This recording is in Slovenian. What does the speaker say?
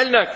elnök!